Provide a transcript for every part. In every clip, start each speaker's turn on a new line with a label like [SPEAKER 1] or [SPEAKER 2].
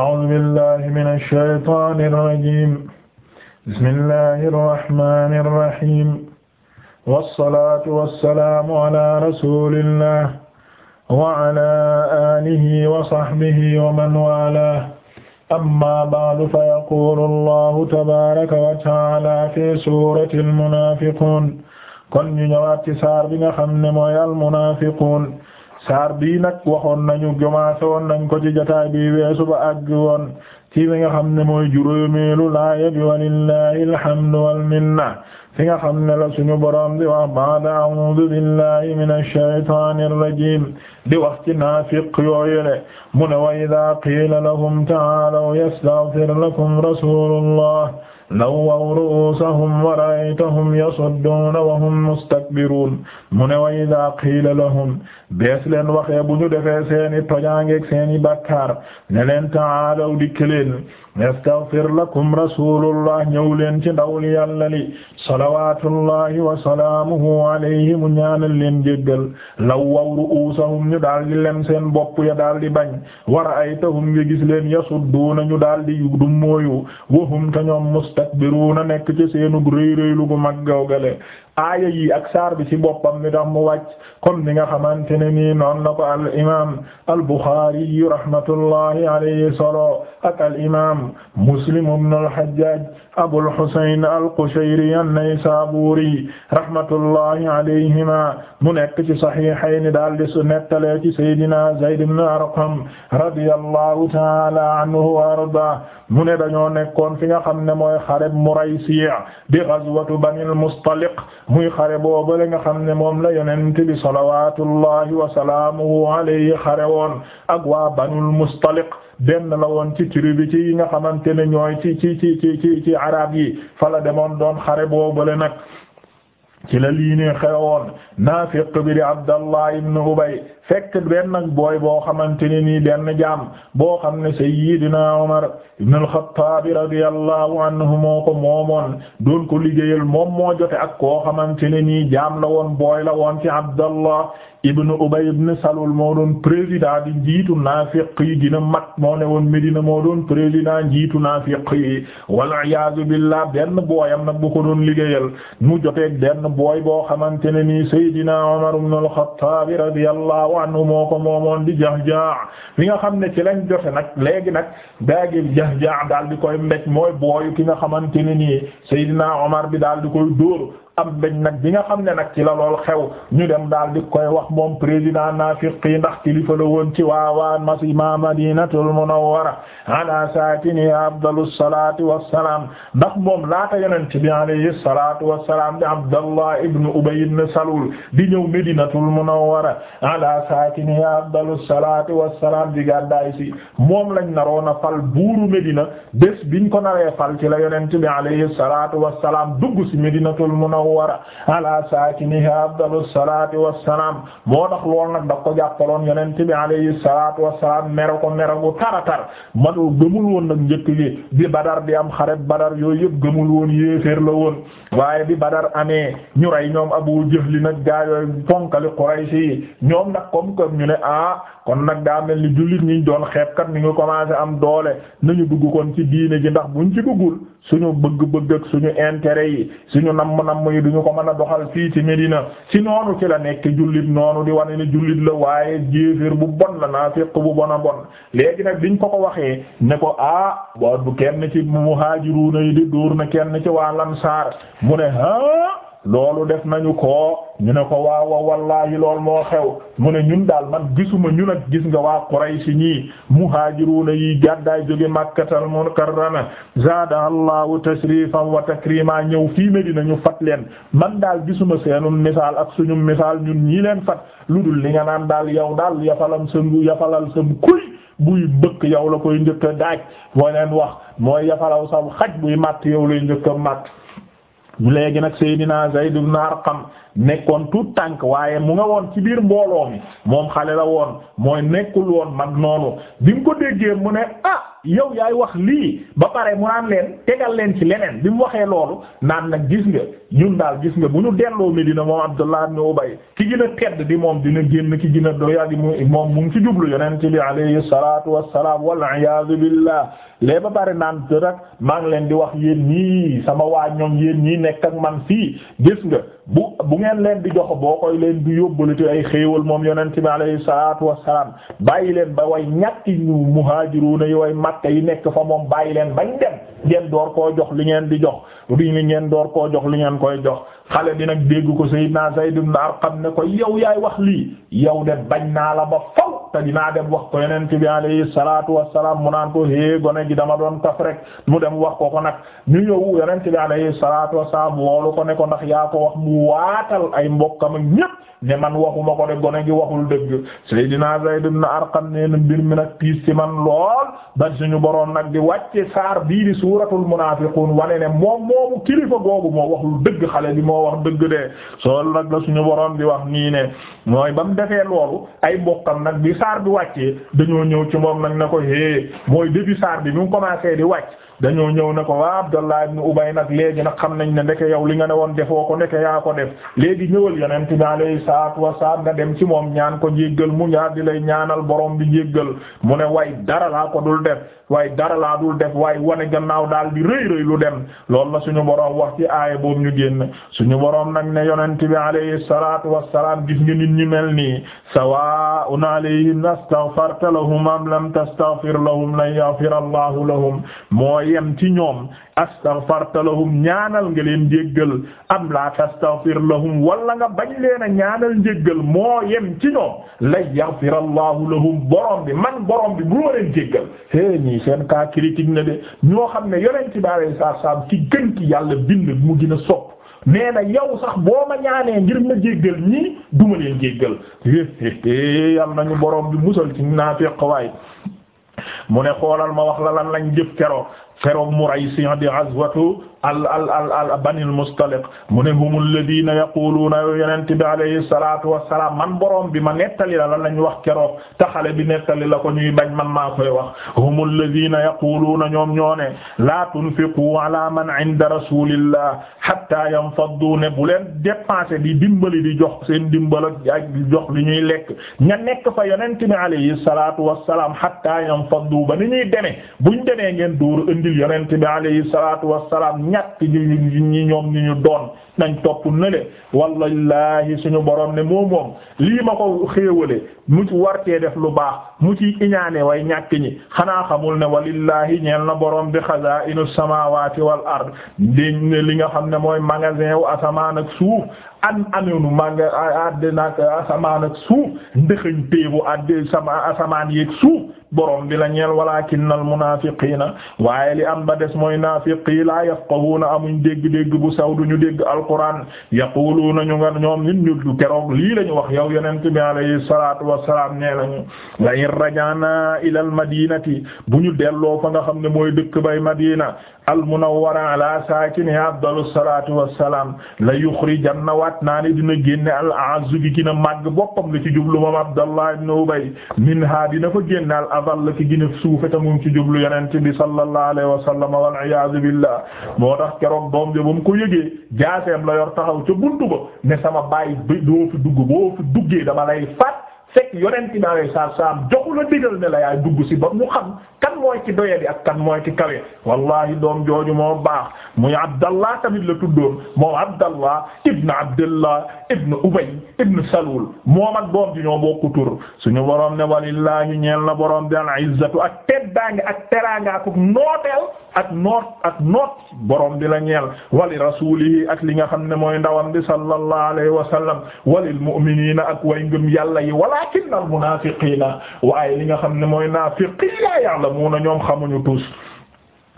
[SPEAKER 1] أعوذ بالله من الشيطان الرجيم بسم الله الرحمن الرحيم والصلاة والسلام على رسول الله وعلى آله وصحبه ومن والاه أما بعد فيقول الله تبارك وتعالى في سورة المنافقون kon ñu ñëwaat ci saar bi nga xam ne mooy المنافقون saar bii nag waxoon nañu commencé woon nañ ko ci jotaay bi weesu ba àgg woon ci li nga xam ne mooy juróomeelu laaya bi walillahi alhamdu wal minna fi nga xam ne la suñu boroom di wax ba'da a'uudu billahi minash shaytaanir rajiim di wax ci naafiq yooyule mu ne wa idaa qiila lahum ta'aalaw yastaghfir lakum rasuulullah nawwaw ru'uusahum wa ra'aytahum yasudduuna wa hum mustakbiruun mu ne wa idaa qiila lahum bees leen waxee bu ñu defee seeni tojaangeeg seeni bakkaar ne leen taalaw dikk leen yastaghfir lakum rasulullah ñëw leen ci ndawul yàlla li salawatullahi wa salaamuhu alayhi mu ñaanal leen jéggal law waw ru'uusahum ñu daal di lem seen bopp ya daal di bañ wa ra'aytahum nga gis leen yasudduuna ñu daal di dummóoyu wa hum te ñoom mustakbiruuna nekk ci seenu réy réylu gu mag gawgale aaya yi ak saar bi ci boppam mi tax mu wàcc comme ni nga xamante ne nii noonu la ko al imaam al Buxaari rahmatullahi alayhi solo ak al imaam Muslim ibn al Hajjaj Abul Husayn al Qushayri an-Naysaburi rahmatullahi alayhima mu nekk ci Sahihayn daal di su nettalee ci Seydina Zayd ibn Arqam radiyallahu ta'ala anhu wa arda mu ne dañoo nekkoon fi nga xam ne mooy xareb Muraysi' bi ghazwati Bani al-Mustaliq muy xare boobale nga xam ne moom la yonent bi salawatullahi wa salaamuhu alayhi xare woon ak waa banul mustaliq benn la woon ci tribu ci nga xamante ne ñooy ci ci ci ci ci ci arab yi fala demoon doon xare boobale nag ci la lii ne xewoon naafiq bi di Abdallah ibn Ubay fekk benn booy boo xamante ne nii benn jaam boo xam ne Sayyidina Umar ibn al-Khattab radiyallahu anhu moo ko moomoon doon ko liggéeyal moom moo jote ak koo xamante ne nii jaam la woon booy la woon ci Abdallah ibn Ubay ibn Salul moo doon président di njiitu naafiq yi dina mat moo ne woon Medina moo doon président njiitu naafiq yi wal iyaadu billah benn booyam nag bu ko doon liggéeyal mu joteeg benn booy boo xamante ne nii Seydina Umar ibn al-Khattab radiyallahu ko moomoon di Jahja li nga xam ne ci lañ jote nag léegi nag daagi Jahja daal di koy mbéj mooy booyu ki nga xamante ne nii Seydina Umar bi daal di koy dóor am bañ nag bi nga xam ne nag ci la lool xew ñu dem daal di koy wax moom président naafiq yi ndax kilifa la woon ci waawaan masima madinatul munawwara ala saakini afdalus salaati wassalaam ndax moom laata yonent bi alayhi salaatu wassalaam di Abdallah ibn Ubay ibn Salul di ñëw madinatul munawwara ala saakini afdalus salaati wassalaam di gàddaay si moom lañ naroon a fal buuru Medina bés biñ ko naree fal ci la yonent bi alayhi salaatu wassalaam dugg ci madinatul munawwara munawwara ala saakiniha afdalu salaati wassalaam moo tax lool nag da ko jàppaloon yonent bi alayhi salaatu wassalaam mere ko mere gu taratar manu gëmul woon nag njëkk gi bi badar di am xare badar yooyu yëpp gëmul woon yéeféer la woon waaye bi badar amee ñu rey ñoom abu jëfli nag gaa yooyu fonkali quraysi si ñoom nag comme comme ñu ne ah kon nag daa mel ni jullit ñi doon xeebkat ñu ngi commencé am doole nañu dugg kon ci diine ji ndax buñ ci duggul suñu bëgg-bëgg ak suñu intérêt yi duñu ko mën a doxal fii ci Medina ci noonu ci la nekk jullit noonu di wane ne jullit la waaye jéeféer bu bon la naafiq bu bon a bon léegi nag biñ ko ko waxee ne ko ah bo bu kenn ci mu muhaajiruuna yi di dóor na kenn ci waa lansaar mu ne ah loolu def nañu ko ñu ne ko waawa wallaahi lool moo xew mu ne ñun daal man gisuma ñu nag gis nga waa Quraysi ñii muhaajiruuna yi gàddaay jóge Makkatal Mukarrama zaada allahu tashrifan wa takrima ñëw fii Medina ñu fat leen man daal gisuma seenum misaal ak suñu misaal ñun ñii leen fat lu dul li nga naan daal yow daal yafalam sam yafalal sam kuy buy bëkk yow la koy njëkk a daaj moo leen wax mooy yafalaw sam xaj buy màtt yow lay njëkk màtt léegi nag Seydina Zayd ibn xam nekkoon tuut tànk waaye mu nga woon ci biir mbooloo mi moom xale la woon mooy nekkul woon mag noonu bi ko déggee mu ne ah yow yaay wax lii ba pare mu naan leen tegal leen ci leneen bi mu waxee loolu naan nag gis nga ñun daal gis nga bu ñu delloo Medina moom Abdullah ibn Ubay ki gën a tedd di moom dina génn ki gën a doyadi moom mu ngi ci jublu yonent bi alayhi salaatu wassalaam wal iyaadu billah lee ba pare naan dërak maa ngi leen di wax yéen ñii sama waa ñoom yéen ñii nekk ak man fii gis nga bu bu ngeen leen di jox boo koy leen di yóbbalati ay xéewal moom yonent bi alayhi salaatu wassalaam bàyyi leen ba way ñàkki Makka yi nekk fa moom bàyyi leen bañ dem ngeen door koo jox li ngeen di jox li ngeen door koo jox li ngeen koy jox xale bi nag dégg ko Seydina Zayd ibn Arqam ne ko yow yaay wax li yow de bañ naa la ba faw te dinaa dem wax ko yonent bi alayhi salaatu wassalaam mu naan ko hee gone gi dama doon taf rek mu dem wax ko ko nag ñu ñëw yonent bi alayhi salaatu wassalaam woolu ko ne ko ndax yaa ko wax mu waatal ay mbokkam ak ñépp ne man waxuma ko de gone gi waxul dëgg Seydina Zayd ibn Arqam nee na mbir mi nag tiis ci man lool ba suñu boroom nag di wàcce saar bii di suuratul munaafiqun wane ne moom moo wax dëgg de sool nag la suñu borom di wax nii ne mooy ba mu defee loolu ay bokkam nag bi saar bi wàccee dañoo ñëw ci moom nag ne ko hé mooy début saar bi bi mu commencé di wàcc dañoo ñëw ne ko waa Abdallah ibn Ubay nag léegi nag xam nañ ne ndeke yow li nga ne woon defoo ko ndeke yaa ko def léegi ñëwal yonent bi alayhi salaatu wasalaam nga dem ci moom ñaan ko jéggal mu ñaar di lay ñaanal borom bi jéggal mu ne way dara laa ko dul def way dara laa dul def way wane gannaaw daal di rëy rëy lu dem lool la suñu borom wax ci aaya boobu ñu génn suñu borom nag ne yonent bi alayhi wa wasalaam gis nga nit ñi mel nii sawa alayhim astaghfarta lahum am lam tastaghfir lahum lan yaghfira Allahu lahum yem ci ñoom astaghfarta lahum ñaanal nga leen njéggal am la tastaghfir lahum wala nga bañ leen a ñaanal njéggal moo yem ci ñoom la yaghfir allahu lahum borom bi man borom bi bu loo leen jéggal hé ñii seen cas ki na de ñoo xam ne yonent bi alayhi salaam ki gën ci yàlla bind mu gën a sopp nee na yow sax boo ma ñaanee ngir ma jéggal ñii duma leen jéggal yal nañu boroom bi musal ci naafiq waay mu ne xoolal ma wax la lan lañ jëf keroog feroog Muraysi di ghazwatu al al al al banil mustaliq mu ne humul ladina yaquluuna yonent bi alayhi salaatu wa salaam man borom bi ma nettali la lan lañ wax keroog te xale bi nettali la ko ñuy bañ man maa koy wax humul ladina yaquluuna ñoom ñoo ne laa tunfiqu ala man inda rasulillah hatta yanfaddu ne bu leen dépenser di dimbali di jox seen dimbal ak jox li ñuy lekk ña nekk fa yonent bi alayhi salaatu wa salaam hatta yanfaddu ba ni ñuy demee buñ demee ngeen dóor indil yonent bi alayhi salaatu wa salaam ñàkk ñi ñoom ñu ñu doon nañ topp na le wallahi suñu boroom ne moom moom lii ma ko xéewale mu ci wartee def lu baax mu ci iñaane way ñàkk ñi xanaa xamul ne walillahi ñeel na borom bi xazaa'inu samaawaati wal ard ne li nga xam ne mooy magasin wu asamaan ak suuf an aminu a àddina ak asamaan ak suuf ndëxëñ téebu àddi sama asamaan yeeg suuf borom bi la ñeel walaakinnal munaafiqiina waaye li am ba des mooy naafiqi laa yafqahuuna amuñ dégg dégg bu saw du ñu dégg alquran yaquluuna ñu nga ñoom nit ñu keroog lii la ñu wax yow yonent bi alayhi salaatu wassalaam nee nañu la in rajaana ila al madinati bu ñu delloo fa nga xam ne mooy dëkk bay madina al munawwara ala saakini afdalu salaatu wassalaam la yuxrijanna waat naa ne dina génne al a'azzu gi gën a màgg boppam la ci jublu moom Abdallah ibn Ubay minha dina fa génne al adall ki gën a suufe ta mu ci jublu yonent bi sallallahu alayhi wa sallam wal iyaazu billah moo tax keroog doom ji bu mu ko yëgee jaase teem la yor taxaw ca buntu ba ne sama baay doo fi dugg boo fi duggee dama lay faat fekk yonent bi alayhi salaam joxu la digal ne la yaay dugg si ba mu xam kan kan mooy ci doyadi ak kan mooy ci kawe wallahi doom jooju moo baax muy abdallah tamit la tuddoon moom abdallah ibn abdillah ibn ubay ibn salul moom ak doom ji ñoo bokku tur suñu borom ne walillahi ñeel na borom bi al izzatu ak teddaange ak teraanga ak nooteel ak noot ak noot borom bi la ñeel wali rasulihi ak li nga xam ne mooy ndawam bi sallallahu alayhi wa sallam walil mu'minina ak way ngëm yàlla yi walakinal munafiqina li nga xam ne mooy naafiqi ya'lamuuna ñoom xamuñu tus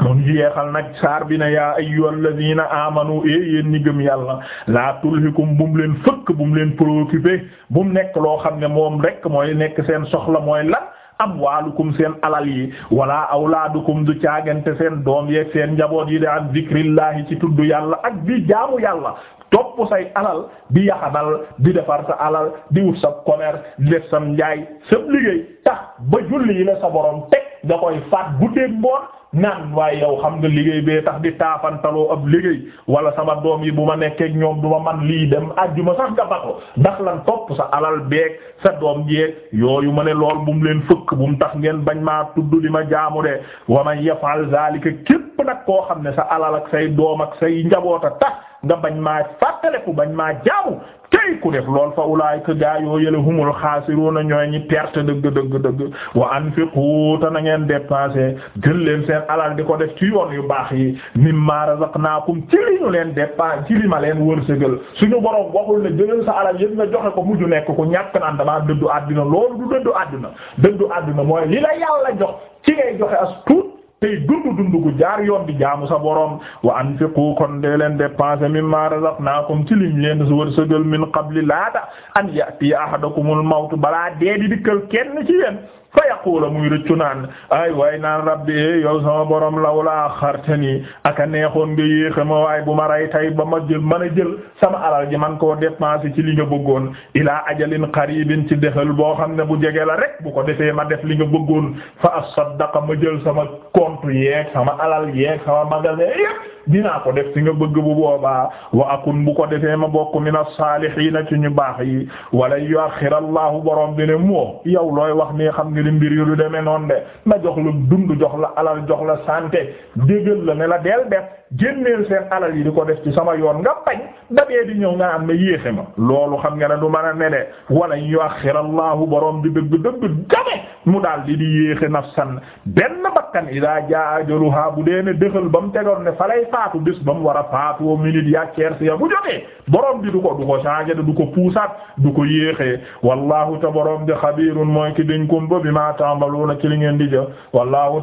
[SPEAKER 1] mun jeexal nag saar bi ne yaa ayyuhalladhina amanu e eh, yéen ñi gëm yàlla laa tulhikum bu mu leen fëkk bu mu leen préoccupé bu mu nekk loo xam ne moom rekk mooy nekk seen soxla mooy lan amwaalukum seen alal yi wala awlaadukum du caagante seen doom yeeg seen njaboot yi de an zikrillahi ci tudd yàlla ak bi jaamu yàlla topp say alal di yaxanal di defar sa alal di wut sa commerce di def sam njaay sa liggéey tax ba julli yi la sa borom teg da koy faat guddeeg mboon naan waaye yow xam nga liggéey bee tax di taafantaloo ab liggéey wala sama doom yi bu ma nekkee ñoom du ma man lii dem àjjuma sax nga bako ndax lan topp sa alal beeg sa doom jeeg yooyu ma ne lool bu leen fëkk bu mu tax ngeen bañ maa tudd di ma jaamu de wa man yafal zalika képp nag koo xam ne sa alal ak say doom ak say njaboot a tax nga bañ maa fàttaleku bañ maa jaamu ay ku def lool fa ulaayika gaa yoo yële humul xaasiruuna ñooy ñi perte dëgg dëgg dëgg wa anfiqu te na ngeen dépenser jël leen seen alal di ko def ci yoon yu baax yi mimma razaqnaakum ci li ñu leen dépenser ci li ma leen wërsëgal suñu borom waxul ne jëlal sa alal yëpp nga joxe ko mujj nekk ku ñàkk naan damaa dëddu àddina loolu du dëddu àddina dëddu àddina mooy li la yàlla jox ci ngay joxe as tuut tey dund dund gu jaar yoon di jaamu sa borom wa anfiqu kon de leen dépenser mimma razaqnaakum ci liñ leen su wërsëgal min qabli laata an ya'tiya ahadakumul mawtu balaa dee di dikkal kenn ci yeen fa la muy rëccu naan ay waay naan rabbi eh, yow sama borom lawla axartani aka neexoon nga yéexe ma waay bu ma rey tay ba ma jël man a jël sama alal ji man koo dépenser ci li nga bëggoon ilaa ajalin qaribin ci defal boo xam ne bu jege la rek bu ko defee ma def li nga bëggoon fa asaddaqa ma jël sama compte yeeg sama alal yeeg sama magasin yépp dinaa ko def si nga bëgg bu boobaa wa kun bu ko defee ma bokk min as-saalihiina ci ñu baax yi wala yu'akhkhira Allahu borom bi ne moo yow looy wax nii xam nga li mbir yu lu demee noonu de na jox la dund jox la alal jox la santé déggal la ne la del det génneel seen alal yi di ko def ci sama yoon nga bañ dabee di ñëw nga am ne yéexe ma loolu xam nga ne du mën a ne de wala yu axira allahu borom di dëgg dëgg gabe mu daal di di yéexe nafsan benn bakkan idaa jaa ajaluha bu dee ne dëxal ba mu tegoon ne fa lay faatu bés ba mu war a faatu wa minute yaa ceer si ya bu jotee borom di du ko du ko changer du ko puusaat du ko yéexee wallahu ta borom di xabiirun mooy ki dañ ko mba bi ma ta'maluna ci li ngeen di jëf wallahu